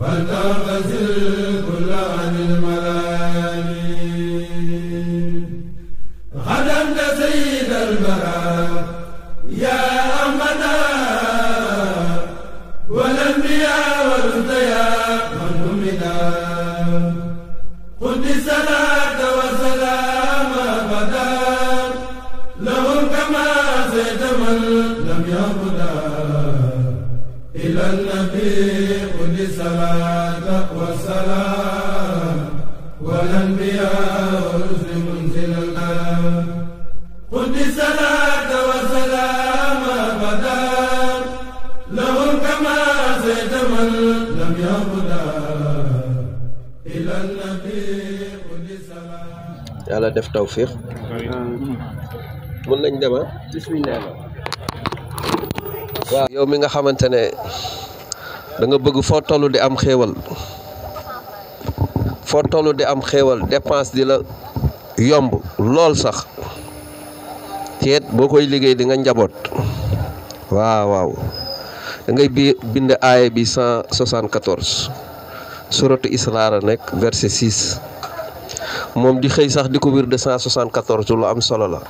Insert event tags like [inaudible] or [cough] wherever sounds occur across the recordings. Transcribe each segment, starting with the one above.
فلتغتسل كل عن غدا خدمت سيد البراء يا أمنا والأنبياء والأنبياء من همنا قد الصلاة وسلام أبدا لهم كما زيد من لم يهدى إلى النبي def tawfiq mën nañ dem ah? bismillah waaw yow mi nga xamantene da nga bëgg fo tollu di am xéewal fo tollu di am xéewal dépense di la yomb lool sax tiet bokoy liggéey di nga njabot waaw waaw da ngay bi bind ay bi 174 surat Isra nek verset 6 mom di xey sax di wir de 174 lu am solo la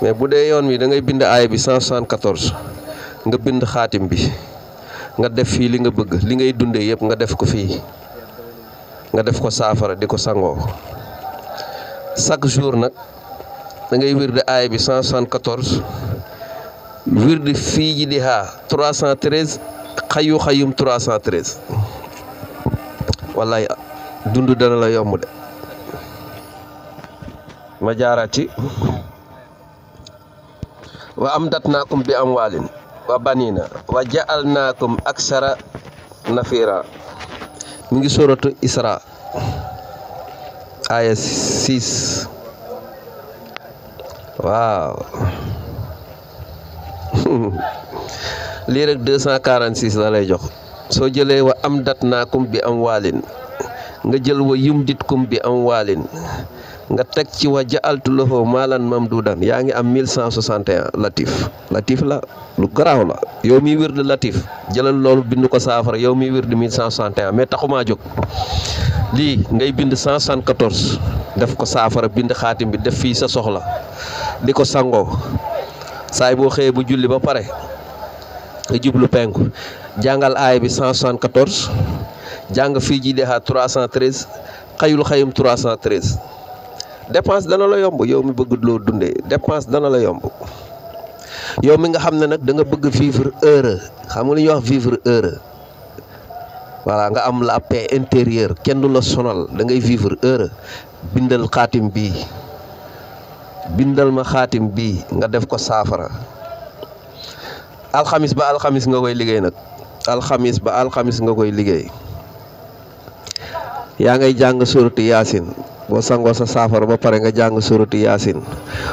mais bu dee yoon mi da ngay bind ay bi 174 nga bind khatim bi nga def fi li nga bëgg li ngay dundé yépp nga def ko fi nga def ko safara diko sango chaque jour nak da ngay de ay bi 174 de fi ji di ha 313 xayu xayum 313 wallahi dundu dana la yomb de. ma jaaraat ci wa amdatnaakum bi amwaalin wa baniina wa ja'alnaakum aksara nafira mu ngi soratu Isra aya 6 waaw [laughs] lii rek 246 la lay jox soo jëlee wa amdatnaakum bi am amwaalin nga jël wa yumditkum bi am amwaalin nga tek ci wa ja'altu lahu malan mamdudan yaangi am 1161 latif latif la lu graw la yow mi wirde latif jëlal loolu bindu ko saafara yow mi wirde 1161 mais taxuma jog li ngay bind 174 def ko saafara bind khatim bi def fi sa soxla di sango say bo xey bu julli ba pare nga jublu penku jangal ay bi 174 jang fi jidha 313 xayul xayum 313 dépense dana la yomb yow mi bëgg lo dundé dépense dana la yomb yow mi nga xamné nak da nga bëgg vivre heureux xam nga li wax vivre heureux wala nga am la paix intérieure kenn la sonal da ngay vivre heureux bindal khatim bi bindal ma khatim bi nga def ko al khamis ba khamis nga koy liggéey nag khamis ba khamis nga koy liggéey ya ngay jang suratu yasin bo sangoo sa safar ba pare nga jang suratu yasin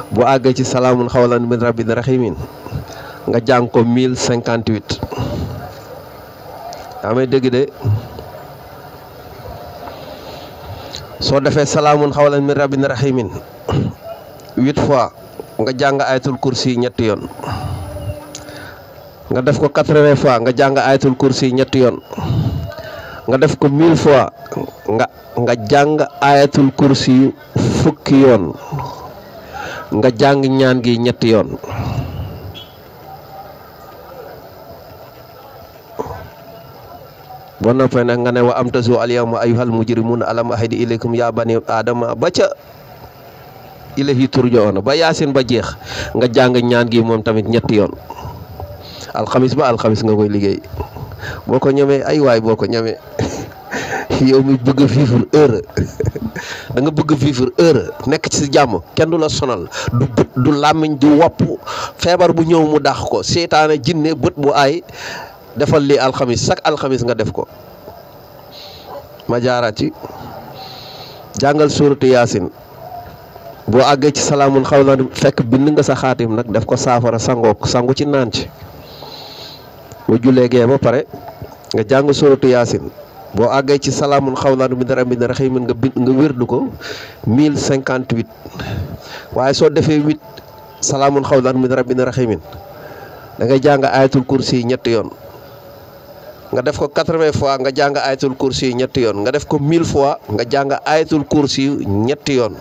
bo agge ci salamun khawlan min rabbin rahimin nga jang ko 1058 amay deug de so defé salamun khawlan min rabbin rahimin 8 fois nga jang ayatul kursi ñet yon nga def ko 80 fois nga jang ayatul kursi ñet yon nga def ko mille fois nga nga jang ayatul kursi fukki yon nga jang ñaan gi ñetti yon fa nga ne wa am tasu al yawma ayyuhal mujrimuna alam ahidi ilaykum ya bani adam ba ca ilahi turjaona ba yasin ba jeex nga jang ñaan gi mom tamit yon alxamis ba alxamis nga koy liggéey boo ko ñemee ay waay boo ko ñemee [laughs] yow mi bëgg a vivre heure [laughs] da bëgg a vivre heure nekk ci jàmm kenn du la sonal du bët du làmmiñ du wopp feebar bu ñëw mu dax ko seetaane jinne bët bu ay defal li alxamis chaque alxamis nga def ko ma jaaraat ci jàngal suuratu yaasin boo àggee ci salaamun xawlan fekk bind nga sa xaatim nag def ko saafara sangoo sangu ci naan boo jullee ba pare nga jàng suratu boo àggee ci salaamun xawlaan min rabbin rahiim nga bind nga wérdu ko 1058 waaye soo defee 8 salaamun xawlaan min rabbin rahiim da ngay jàng ayatul kursi ñetti yoon nga def ko 80 fois nga jàng ayatul kursi ñetti yoon nga def ko 1000 fois nga jàng ayatul kursi ñetti yoon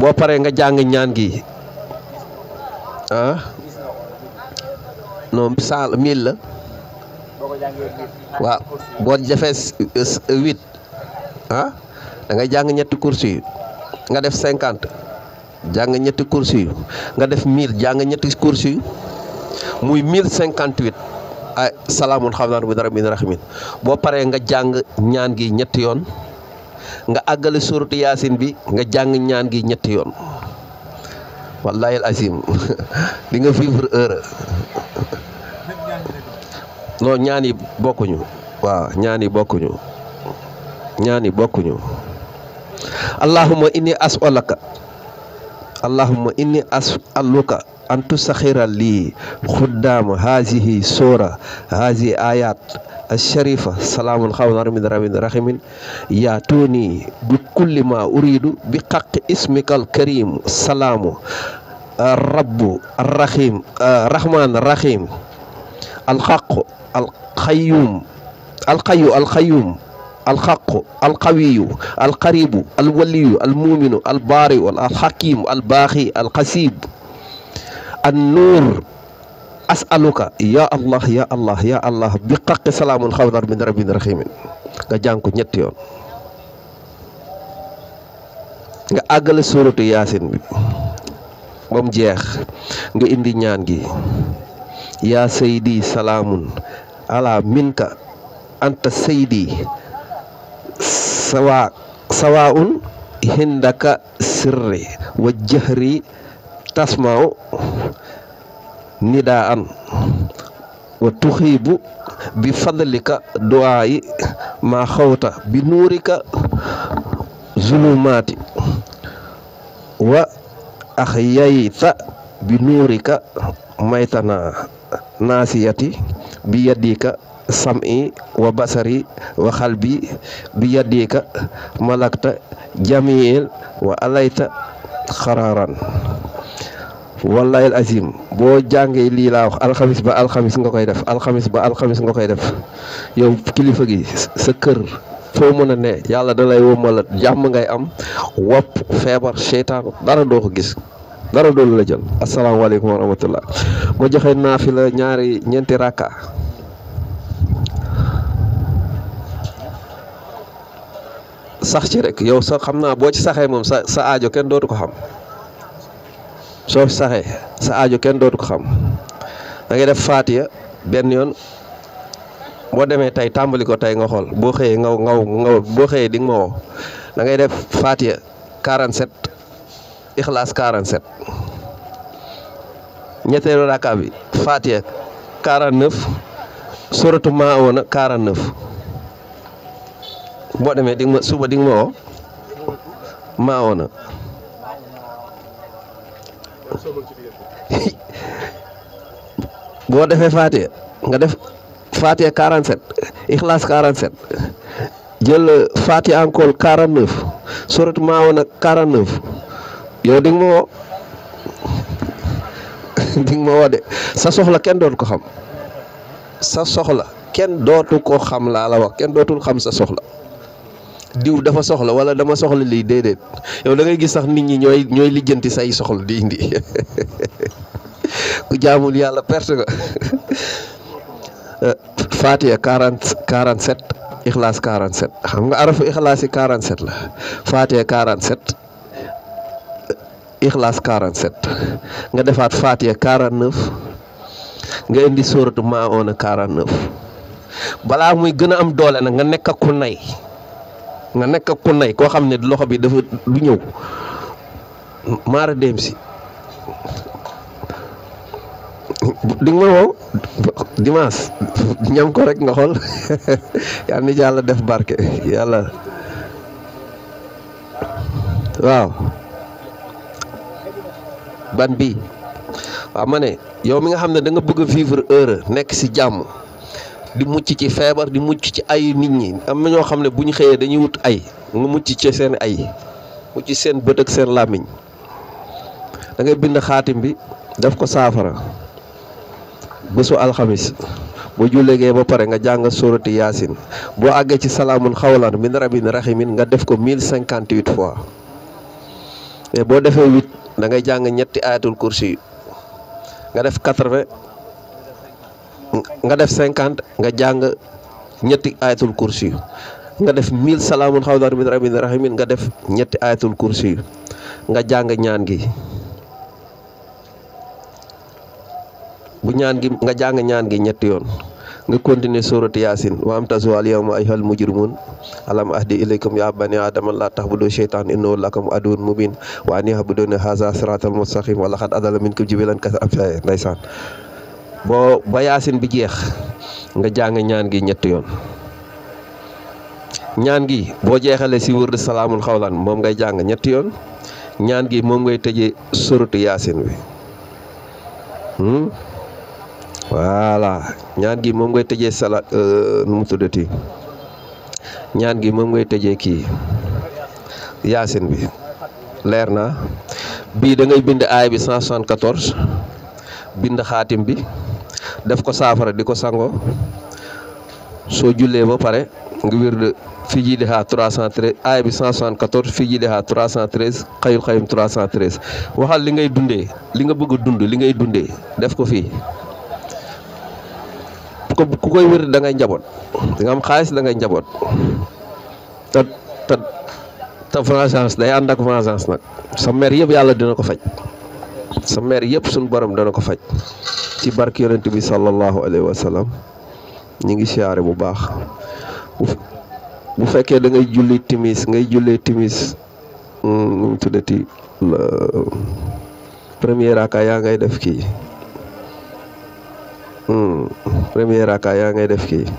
boo paree nga jàng ñaan gi ah. non sal mil la wa bo jafé 8 ah da nga jang ñett kursi nga def 50 jang ñett kursi nga def 1000 jang ñett kursi muy 1058 ay salamun xam bi darbin dara min paré nga jang ñaan gi ñett yoon nga yasin bi nga jang ñaan gi ñett yoon wallahi al azim di [laughs] nga vivre heureux non ñaan yi bokkuñu waaw ñaan yi bokkuñu ñaan yi bokkuñu allahumma inni as'aluka allahumma inni as'aluka an tusaxira lii xuddaam hazihi sóora hazihi ayat asharifa salaamun xawlan min rabbin rahimin yaatuni bi kulli ma uridu bi xaqi ismikal karim salaamu rabbu arrahim rahman rahim alxaqu alxayuum alxayu alxayuum alxaqu alqawiyu alqaribu alwaliyu almuuminu albaariu alxakimu albaaxi alxasiib annuur asaluka ya allah ya allah ya allah bi xaqi salaamun xawlan min rabbin raximin nga jàng ko ñetti yoon nga àggale suuratu yaasin bi moom jeex nga indi ñaan gi yaa saydi salaamun ala minka anta saydi sawa sawaun hindaka sirri wa jahri tasmau nidaan wa tuxiibu bi fadlika duwaayi ma xawta bi nuurika zulumaati wa axyayta bi nuurika maytana naasiyati bi yaddika sam'i wa basari wa xalbi bi yaddika malakta jamiil wa alayta xaraaran wallahi azim boo jàngee lii laa wax alxamis ba alxamis nga koy def alxamis ba alxamis nga koy def yow kilifa gi sa kër foo mën a ne yàlla da lay womala jàmm ngay am wopp feebar seytaan dara doo ko gis dara doolu la jël asalaamaaleykum wa rahmatullah boo joxee naafila ñaari ñeenti rakka sax ci yow xam naa boo ci saxee moom sa sa aajo dootu ko xam soo saxee sa aajo kenn dootu ko xam dangay def faatiya benn yoon boo demee tey tàmbali ko tey nga xool boo xëyee ngaw ngaw ngaw boo xëyee di nga ma woo da ngay def faatiya 47 Ikhlas 47 ñetteelu rakka bi Fatiha 49 suratu Maawuna 49 boo demee di nga ma suba di nga ma woo Maawuna [laughs] boo defee Fatiha nga def Fatiha 47 Ikhlas 47 jël Fatiha encore 49 suratu Maawuna 49. yow [laughs] di nga ma woo de sa soxla kenn dootu ko xam sa soxla kenn dootu ko xam laa la wax kenn dootul xam sa soxla diw dafa soxla wala dama soxla lii déedéet yow da ngay gis sax nit ñi ñooy ñooy lijjanti say soxla di indi [laughs] ku jaamul yàlla perte nga [laughs] Fatiha quarante quarante sept Ikhlaas quarante sept xam nga arafu Ikhlaas yi quarante sept la Fatiha quarante sept Ixlaas 47 nga defaat Faatiha 49 nga indi sóoratu Maaona 49 balaa muy gën a am doole nag nga nekk ku nay nga nekk ku nay koo xam ne loxo bi dafa du ñëw maara dem si ma woo dimanche ñam ko rek nga xool [laughs] yal na yàlla def barke waaw. ban bi waaw ma ne yow mi nga xam ne danga nga bëgg a vivre heureux nekk ci jàmm di mucc ci feebar di mucc ci ay nit ñi am na ñoo xam ne bu ñu xëyee dañuy wut ay nga mucc ci seen ay mucc seen bët ak seen làmmiñ dangay bind xaatim bi def ko saafara bésu alxamis boo jullegee ba pare nga jàng sorati yaasin boo àggee ci salaamun xawlan min rabin raximin nga def ko mille cinquante huit fois boo defee huit da ngay jang ñetti ayatul kursi nga def 80 nga def 50 nga jang ñetti ayatul kursi nga def 1000 salamun khawdar min rabbin rahimin nga def ñetti ayatul kursi nga jang ñaan gi bu ñaan gi nga jang ñaan gi ñetti yoon nga continuer sooratu yaasin wa amtazuu al-yawma ayyuhal mujrimuun alam ahdi ilaykum yaa banii aadama allaa ta'buduu shaytaana innahu lakum aduwwun mubiin wa an i'buduunii haazaa siraatal mustaqiim wa laqad adalla minkum jibilan kasiiran ndeysaan boo ba yaasin bi jeex nga jàng ñaan gi ñetti yoon gi boo jeexalee si wërd salaamul xawlan moom nga jàng ñetti yoon ñaan gi moom ngay tëjee sooratu yaasin bi voilà ñaan gi moom ngay tëjee sala euh, nu mu tuddati ñaan gi moom ngay tëje kii yaasin bi leer na bii da ngay bind aay bi 174 bind xaatim bi def ko saafara di ko sango soo jullee ba pare ngi wur fii ji di xaa 313 aay bi 174 fii ji di xaa 313 xayul xayum 313 waxal li ngay dundee li nga bëgg a dund li ngay dundee def ko fii ku ku koy wër da ngay njabot da nga am xaalis da ngay njabot ta ta ta vengeance day and ak vengeance nak sa mer yëpp yalla dina ko fajj sa mer yëpp sun borom dana ko fajj ci barki yaronte bi sallallahu alayhi wa sallam ngi siyaare bu baax bu fekkee da ngay julli timis ngay julli timis hmm tudati premier akaya ngay def ki Hmm. premier raka yaa ngay def kii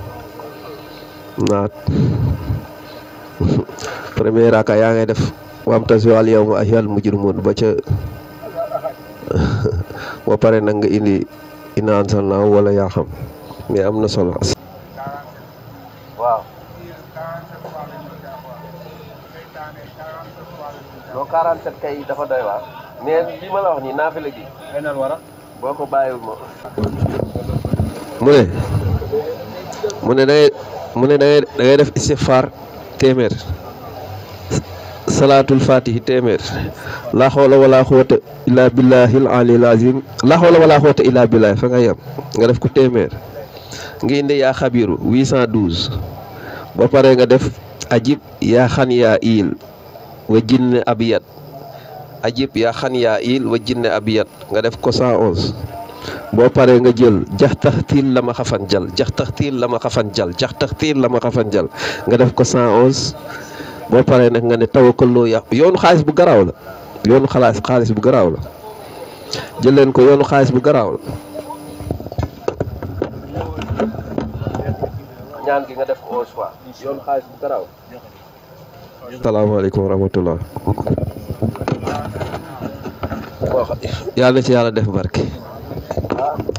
naat [laughs] premier raka yaa ngay def wamtasi wal yawma ayyuhal mujrimun ba ca [laughs] ba pare nag indi inna anzalnaahu wala yaa xam am na solo waaw loo 47 kay dafa doy waar mais li la wax nii naafila gi boo ko bàyyiwul ma mu ne mu ne dangay ne dangay dangay def istifaar téeméer salaatul fatihi téeméer laa xawla wala xuwata illa billahil alil azim laa wala xuwata illa billahi fa nga yem nga def ko téeméer nga indi yaa xabiru 812 ba pare nga def ajib yaa xan ya iil wa jinne abiyat ajib nga def ko 111 bo paré nga jël jax lama xafan jël jax lama xafan jël jax lama xafan jël nga def ko 111 bo paré nak nga tawakkal lo ya yoonu xaliss bu graw la yoonu xaliss xaliss bu graw la jël len ko yoonu xaliss bu graw la ñaan gi nga def ko au choix yoonu xaliss bu graw assalamu alaykum warahmatullah yalla ci yalla def barke ¿verdad? Ah.